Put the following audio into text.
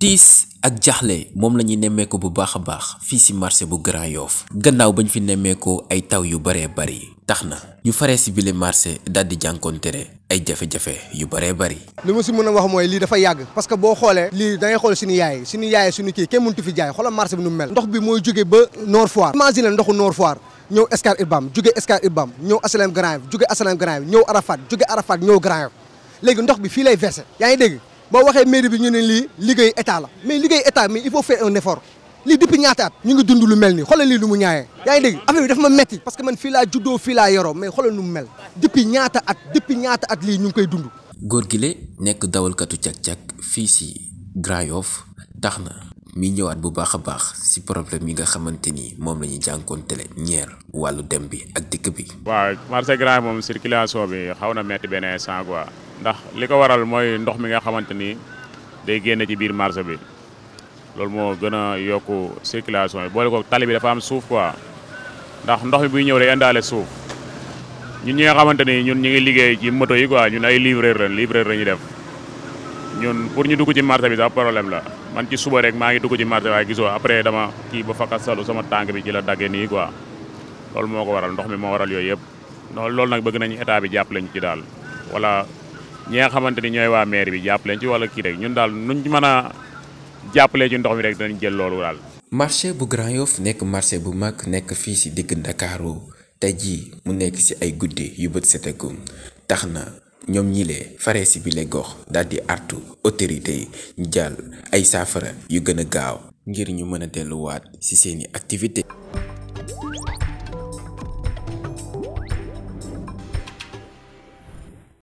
tiis ak jaxle moom lañuy ñuy nemmeeku bu baax a baax fii ci marché bu Grand Yoff gannaaw bañ fi nemmeekoo ay taw yu baree bari tax na ñu faree si bile marché daal di jànkoontere ay jafe-jafe yu bëree bëri li ma si mën a wax mooy lii dafa yàgg parce que boo xoolee lii da ngay xool suñu yaay suñu kii kenn mëntu fi jaay xoolal marché bi nu mel ndox bi mooy jóge ba Nord Foire imagine ndoxu Nord Foire ñëw Scat Urbam jóge Scat Urbam ñëw Asalem Grand Yoff jóge Asalem Grand Yoff ñëw Arafat jóge Arafat ñëw Grand Yoff léegi ndox bi fii lay versé yaa ngi dégg boo waxee mairie lii depuis ñaata at ñu ngi dund lu mel nii xoolal lii lu mu ñaawee yaa ngi dégg affaire bi dafa ma metti parce que man fii laa juddoo fii laa yoroo mais xoolal nu mu mel depuis ñaata at depuis ñaata at lii ñu ngi koy dund góor gi le nekk dawalkatu cag-cag fii si Grand yof tax na mi ñëwaat bu baax a baax si problème yi nga xamante ni moom la ñuy jànkoontele ñeer wàllu dem bi ak dikk bi waaw marché Grand moom circulation bi xaw na metti beneen instant ndax li ko waral mooy ndox mi nga xamante ni day génn ci biir marché bi loolu moo gën a yokk circulation yi boole ko tali bi dafa am suuf quoi ndax ndox mi buy ñëw day indaale suuf ñun ñi nga xamante ni ñun ñu ngi liggéey ci moto yi quoi ñun ay livreur lañ livreur la ñuy def pour ñu dugg ci marché bi sax problème la man ci suba rek maa ngi dugg ci marché waaye gisoo après dama kii ba fakka salu sama tànk bi ci la daggee nii quoi loolu moo ko waral ndox mi moo waral yooyu yëpp loolu nag bëgg nañu état bi jàpp lañ ci daal wala ñi nga xamante ni ñooy waa maire bi jàpp leen ci walla kii rek ñun jàppale ci ndox mi rek danañ jël loolu daal. marché bu Grand Yoff nekk marché bu mag nekk fii si digg ndakaaroo tey jii mu nekk si ay guddi yu bët setagum tax na ñoom ñilee faree si bile gox daal di artu autorité yi ñu jàll ay saafara yu gën a gaaw ngir ñu mën a delluwaat si seeni activité